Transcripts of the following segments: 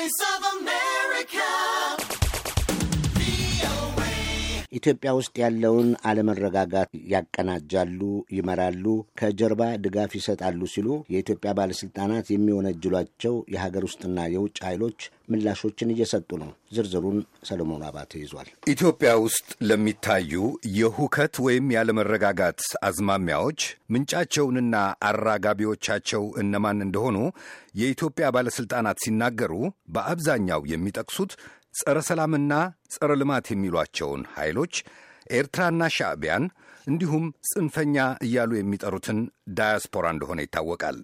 Voice of America. ኢትዮጵያ ውስጥ ያለውን አለመረጋጋት ያቀናጃሉ፣ ይመራሉ፣ ከጀርባ ድጋፍ ይሰጣሉ ሲሉ የኢትዮጵያ ባለስልጣናት የሚወነጅሏቸው የሀገር ውስጥና የውጭ ኃይሎች ምላሾችን እየሰጡ ነው። ዝርዝሩን ሰለሞን አባተ ይዟል። ኢትዮጵያ ውስጥ ለሚታዩ የሁከት ወይም ያለመረጋጋት አዝማሚያዎች ምንጫቸውንና አራጋቢዎቻቸው እነማን እንደሆኑ የኢትዮጵያ ባለስልጣናት ሲናገሩ በአብዛኛው የሚጠቅሱት ጸረ ሰላምና ጸረ ልማት የሚሏቸውን ኃይሎች ኤርትራና ሻዕቢያን እንዲሁም ጽንፈኛ እያሉ የሚጠሩትን ዳያስፖራ እንደሆነ ይታወቃል።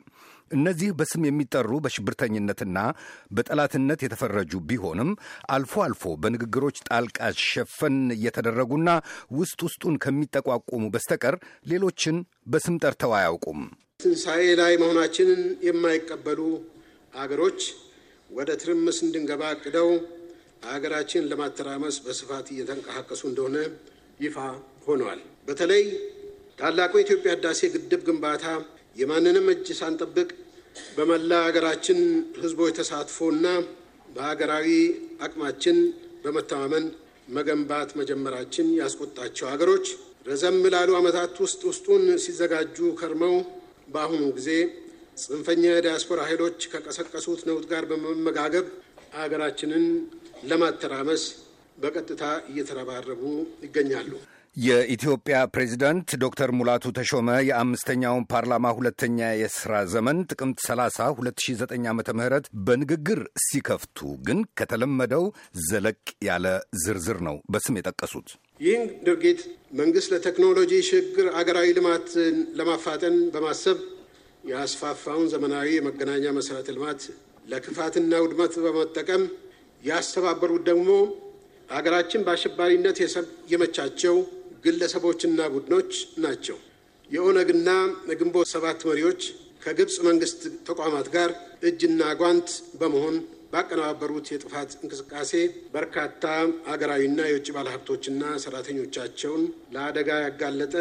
እነዚህ በስም የሚጠሩ በሽብርተኝነትና በጠላትነት የተፈረጁ ቢሆንም አልፎ አልፎ በንግግሮች ጣልቃ ሸፈን እየተደረጉና ውስጥ ውስጡን ከሚጠቋቁሙ በስተቀር ሌሎችን በስም ጠርተው አያውቁም። ትንሣኤ ላይ መሆናችንን የማይቀበሉ አገሮች ወደ ትርምስ እንድንገባ አቅደው ሀገራችን ለማተራመስ በስፋት እየተንቀሳቀሱ እንደሆነ ይፋ ሆነዋል። በተለይ ታላቁ የኢትዮጵያ ህዳሴ ግድብ ግንባታ የማንንም እጅ ሳንጠብቅ በመላ ሀገራችን ህዝቦች ተሳትፎና በሀገራዊ አቅማችን በመተማመን መገንባት መጀመራችን ያስቆጣቸው ሀገሮች ረዘም ላሉ ዓመታት ውስጥ ውስጡን ሲዘጋጁ ከርመው በአሁኑ ጊዜ ጽንፈኛ የዲያስፖራ ኃይሎች ከቀሰቀሱት ነውጥ ጋር በመመጋገብ ሀገራችንን ለማተራመስ በቀጥታ እየተረባረቡ ይገኛሉ። የኢትዮጵያ ፕሬዚዳንት ዶክተር ሙላቱ ተሾመ የአምስተኛውን ፓርላማ ሁለተኛ የሥራ ዘመን ጥቅምት 30 2009 ዓ ም በንግግር ሲከፍቱ ግን ከተለመደው ዘለቅ ያለ ዝርዝር ነው በስም የጠቀሱት። ይህን ድርጊት መንግሥት ለቴክኖሎጂ ሽግግር አገራዊ ልማትን ለማፋጠን በማሰብ የአስፋፋውን ዘመናዊ የመገናኛ መሠረተ ልማት ለክፋትና ውድመት በመጠቀም ያስተባበሩት ደግሞ አገራችን በአሸባሪነት የመቻቸው ግለሰቦችና ቡድኖች ናቸው። የኦነግና የግንቦት ሰባት መሪዎች ከግብፅ መንግስት ተቋማት ጋር እጅና ጓንት በመሆን ባቀነባበሩት የጥፋት እንቅስቃሴ በርካታ አገራዊና የውጭ ባለሀብቶችና ሰራተኞቻቸውን ለአደጋ ያጋለጠ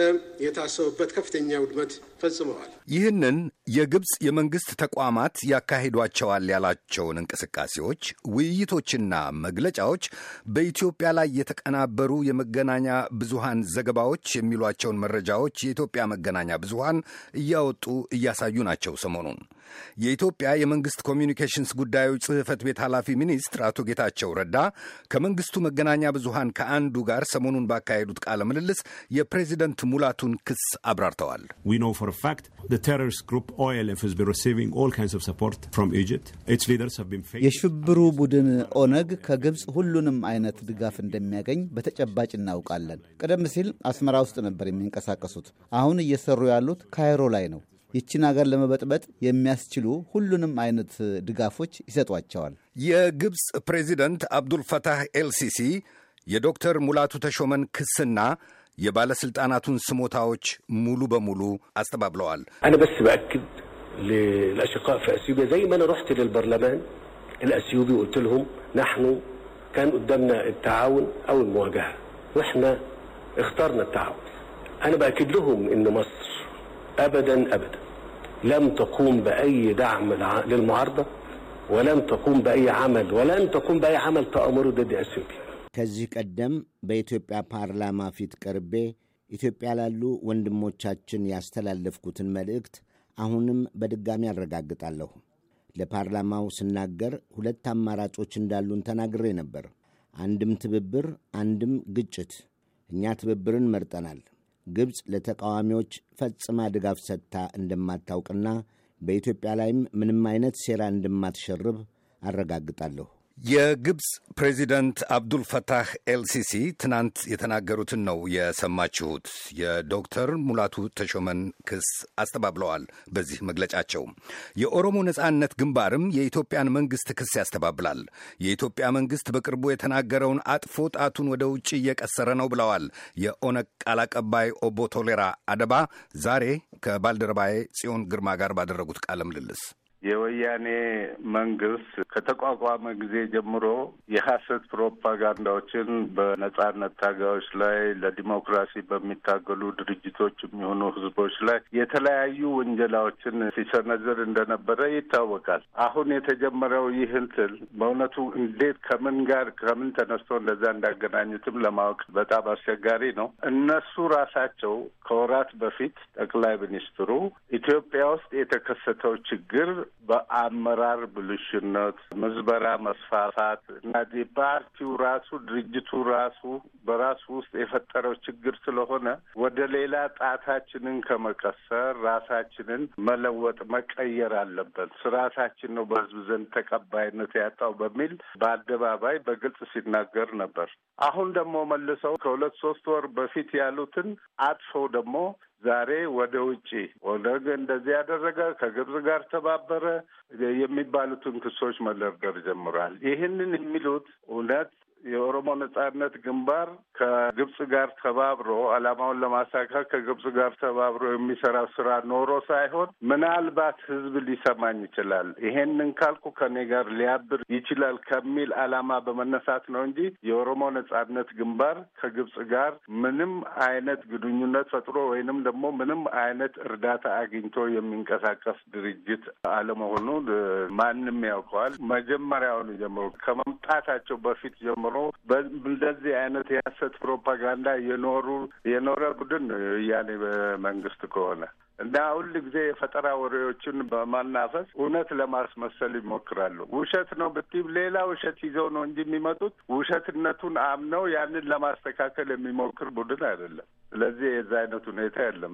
የታሰቡበት ከፍተኛ ውድመት ፈጽመዋል። ይህንን የግብፅ የመንግሥት ተቋማት ያካሂዷቸዋል ያላቸውን እንቅስቃሴዎች፣ ውይይቶችና መግለጫዎች በኢትዮጵያ ላይ የተቀናበሩ የመገናኛ ብዙሃን ዘገባዎች የሚሏቸውን መረጃዎች የኢትዮጵያ መገናኛ ብዙሃን እያወጡ እያሳዩ ናቸው። ሰሞኑን የኢትዮጵያ የመንግሥት ኮሚዩኒኬሽንስ ጉዳዮች ጽሕፈት ቤት ኃላፊ ሚኒስትር አቶ ጌታቸው ረዳ ከመንግሥቱ መገናኛ ብዙሃን ከአንዱ ጋር ሰሞኑን ባካሄዱት ቃለ ምልልስ የፕሬዚደንት ሙላቱን ክስ አብራርተዋል። የሽብሩ ቡድን ኦነግ ከግብፅ ሁሉንም አይነት ድጋፍ እንደሚያገኝ በተጨባጭ እናውቃለን። ቀደም ሲል አስመራ ውስጥ ነበር የሚንቀሳቀሱት። አሁን እየሰሩ ያሉት ካይሮ ላይ ነው። ይችን ሀገር ለመበጥበጥ የሚያስችሉ ሁሉንም አይነት ድጋፎች ይሰጧቸዋል። የግብፅ ፕሬዚደንት አብዱልፈታህ ኤልሲሲ የዶክተር ሙላቱ ተሾመን ክስና የባለሥልጣናቱን ስሞታዎች ሙሉ በሙሉ አስተባብለዋል። አነ በስ በአክድ للأشقاء في أثيوبيا زي ما أنا رحت للبرلمان الأثيوبي وقلت لهم نحن كان قدامنا التعاون أو المواجهة وإحنا اخترنا التعاون أنا بأكد لهم إن مصر أبدا أبدا لم تقوم بأي دعم للمعارضة ولم تقوم بأي عمل ولن تقوم بأي عمل تأمره ضد أثيوبيا ከዚህ ቀደም በኢትዮጵያ ፓርላማ ፊት ቀርቤ ኢትዮጵያ ላሉ ወንድሞቻችን ያስተላለፍኩትን መልእክት አሁንም በድጋሚ አረጋግጣለሁ። ለፓርላማው ስናገር ሁለት አማራጮች እንዳሉን ተናግሬ ነበር። አንድም ትብብር፣ አንድም ግጭት። እኛ ትብብርን መርጠናል። ግብፅ ለተቃዋሚዎች ፈጽማ ድጋፍ ሰጥታ እንደማታውቅና በኢትዮጵያ ላይም ምንም አይነት ሴራ እንደማትሸርብ አረጋግጣለሁ። የግብፅ ፕሬዚደንት አብዱልፈታህ ኤልሲሲ ትናንት የተናገሩትን ነው የሰማችሁት። የዶክተር ሙላቱ ተሾመን ክስ አስተባብለዋል። በዚህ መግለጫቸው የኦሮሞ ነጻነት ግንባርም የኢትዮጵያን መንግስት ክስ ያስተባብላል። የኢትዮጵያ መንግስት በቅርቡ የተናገረውን አጥፎ ጣቱን ወደ ውጭ እየቀሰረ ነው ብለዋል። የኦነግ ቃል አቀባይ ኦቦ ቶሌራ አደባ ዛሬ ከባልደረባዬ ጽዮን ግርማ ጋር ባደረጉት ቃለ ምልልስ የወያኔ መንግስት ከተቋቋመ ጊዜ ጀምሮ የሀሰት ፕሮፓጋንዳዎችን በነጻነት ታጋዮች ላይ ለዲሞክራሲ በሚታገሉ ድርጅቶች የሚሆኑ ህዝቦች ላይ የተለያዩ ወንጀላዎችን ሲሰነዝር እንደነበረ ይታወቃል። አሁን የተጀመረው ይህ እንትን በእውነቱ እንዴት ከምን ጋር ከምን ተነስቶ እንደዛ እንዳገናኙትም ለማወቅ በጣም አስቸጋሪ ነው። እነሱ ራሳቸው ከወራት በፊት ጠቅላይ ሚኒስትሩ ኢትዮጵያ ውስጥ የተከሰተው ችግር በአመራር ብልሽነት፣ ምዝበራ መስፋፋት እና ፓርቲው ራሱ ድርጅቱ ራሱ በራሱ ውስጥ የፈጠረው ችግር ስለሆነ ወደ ሌላ ጣታችንን ከመቀሰር ራሳችንን መለወጥ መቀየር አለበት። ስርዓታችን ነው በህዝብ ዘንድ ተቀባይነት ያጣው በሚል በአደባባይ በግልጽ ሲናገር ነበር። አሁን ደግሞ መልሰው ከሁለት ሶስት ወር በፊት ያሉትን አጥፈው ደግሞ ዛሬ ወደ ውጭ ኦነግ እንደዚህ ያደረገ ከግብጽ ጋር ተባበረ የሚባሉትን ክሶች መደርደር ጀምሯል። ይህንን የሚሉት እውነት የኦሮሞ ነጻነት ግንባር ከግብጽ ጋር ተባብሮ አላማውን ለማሳካት ከግብጽ ጋር ተባብሮ የሚሰራ ስራ ኖሮ ሳይሆን ምናልባት ህዝብ ሊሰማኝ ይችላል፣ ይሄንን ካልኩ ከኔ ጋር ሊያብር ይችላል ከሚል አላማ በመነሳት ነው እንጂ የኦሮሞ ነጻነት ግንባር ከግብጽ ጋር ምንም አይነት ግንኙነት ፈጥሮ ወይንም ደግሞ ምንም አይነት እርዳታ አግኝቶ የሚንቀሳቀስ ድርጅት አለመሆኑ ማንም ያውቀዋል። መጀመሪያውን ጀምሮ ከመምጣታቸው በፊት ጀምሮ ሆኖ እንደዚህ አይነት የሀሰት ፕሮፓጋንዳ የኖሩ የኖረ ቡድን ነው የወያኔ በመንግስት ከሆነ እና ሁል ጊዜ የፈጠራ ወሬዎችን በማናፈስ እውነት ለማስመሰል ይሞክራሉ። ውሸት ነው ብትም ሌላ ውሸት ይዘው ነው እንጂ የሚመጡት ውሸትነቱን አምነው ያንን ለማስተካከል የሚሞክር ቡድን አይደለም። ስለዚህ የዛ አይነት ሁኔታ የለም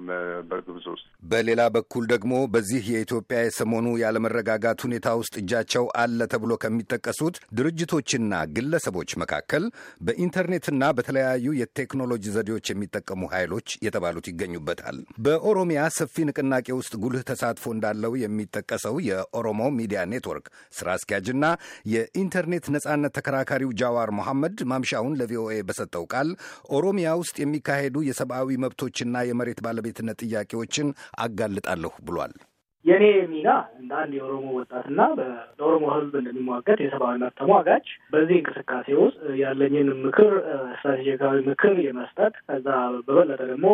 በግብጽ ውስጥ። በሌላ በኩል ደግሞ በዚህ የኢትዮጵያ የሰሞኑ ያለመረጋጋት ሁኔታ ውስጥ እጃቸው አለ ተብሎ ከሚጠቀሱት ድርጅቶችና ግለሰቦች መካከል በኢንተርኔትና በተለያዩ የቴክኖሎጂ ዘዴዎች የሚጠቀሙ ኃይሎች የተባሉት ይገኙበታል። በኦሮሚያ ሰፊ ንቅናቄ ውስጥ ጉልህ ተሳትፎ እንዳለው የሚጠቀሰው የኦሮሞ ሚዲያ ኔትወርክ ስራ አስኪያጅና የኢንተርኔት ነጻነት ተከራካሪው ጃዋር መሐመድ ማምሻውን ለቪኦኤ በሰጠው ቃል ኦሮሚያ ውስጥ የሚካሄዱ የሰ የሰብአዊ መብቶችና የመሬት ባለቤትነት ጥያቄዎችን አጋልጣለሁ ብሏል። የኔ ሚና እንደ አንድ የኦሮሞ ወጣትና ለኦሮሞ ሕዝብ እንደሚሟገት የሰብአዊ መብት ተሟጋች በዚህ እንቅስቃሴ ውስጥ ያለኝን ምክር፣ ስትራቴጂካዊ ምክር የመስጠት ከዛ በበለጠ ደግሞ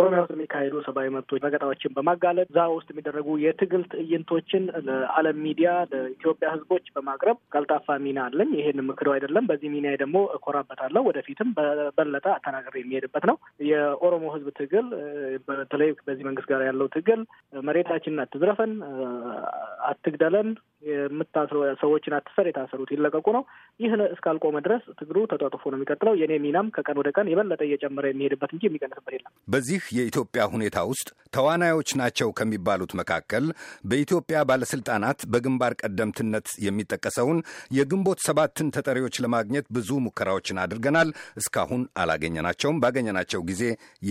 ኦሮሚያ ውስጥ የሚካሄዱ ሰብአዊ መብቶች ረገጣዎችን በማጋለጥ እዛ ውስጥ የሚደረጉ የትግል ትዕይንቶችን ለዓለም ሚዲያ ለኢትዮጵያ ሕዝቦች በማቅረብ ቀልጣፋ ሚና አለኝ። ይሄን ምክረው አይደለም። በዚህ ሚና ደግሞ እኮራበታለሁ። ወደፊትም በበለጠ አተናገር የሚሄድበት ነው። የኦሮሞ ሕዝብ ትግል በተለይ በዚህ መንግስት ጋር ያለው ትግል መሬታችንና አትዝራ አትዘረፈን፣ አትግደለን የምታስረው ሰዎችን አትሰር፣ የታሰሩት ይለቀቁ ነው። ይህ እስካልቆመ ድረስ ትግሩ ተጧጥፎ ነው የሚቀጥለው። የኔ ሚናም ከቀን ወደ ቀን የበለጠ እየጨመረ የሚሄድበት እንጂ የሚቀንስበት የለም። በዚህ የኢትዮጵያ ሁኔታ ውስጥ ተዋናዮች ናቸው ከሚባሉት መካከል በኢትዮጵያ ባለስልጣናት በግንባር ቀደምትነት የሚጠቀሰውን የግንቦት ሰባትን ተጠሪዎች ለማግኘት ብዙ ሙከራዎችን አድርገናል። እስካሁን አላገኘናቸውም። ባገኘናቸው ጊዜ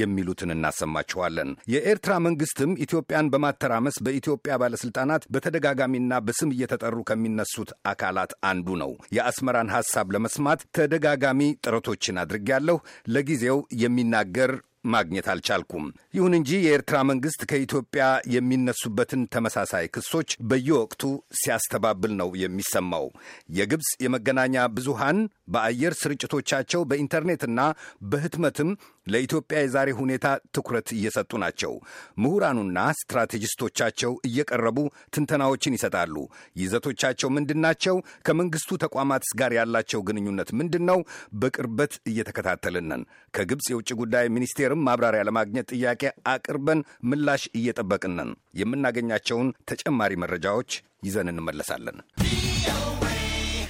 የሚሉትን እናሰማችኋለን። የኤርትራ መንግስትም ኢትዮጵያን በማተራመስ በኢትዮጵያ ባለስልጣናት በተደጋጋሚና በስም እየተጠሩ ከሚነሱት አካላት አንዱ ነው። የአስመራን ሐሳብ ለመስማት ተደጋጋሚ ጥረቶችን አድርጌያለሁ። ለጊዜው የሚናገር ማግኘት አልቻልኩም። ይሁን እንጂ የኤርትራ መንግሥት ከኢትዮጵያ የሚነሱበትን ተመሳሳይ ክሶች በየወቅቱ ሲያስተባብል ነው የሚሰማው። የግብፅ የመገናኛ ብዙሃን በአየር ስርጭቶቻቸው በኢንተርኔትና በህትመትም ለኢትዮጵያ የዛሬ ሁኔታ ትኩረት እየሰጡ ናቸው። ምሁራኑና ስትራቴጂስቶቻቸው እየቀረቡ ትንተናዎችን ይሰጣሉ። ይዘቶቻቸው ምንድን ናቸው? ከመንግስቱ ተቋማት ጋር ያላቸው ግንኙነት ምንድን ነው? በቅርበት እየተከታተልንን ከግብፅ የውጭ ጉዳይ ሚኒስቴርም ማብራሪያ ለማግኘት ጥያቄ አቅርበን ምላሽ እየጠበቅንን የምናገኛቸውን ተጨማሪ መረጃዎች ይዘን እንመለሳለን።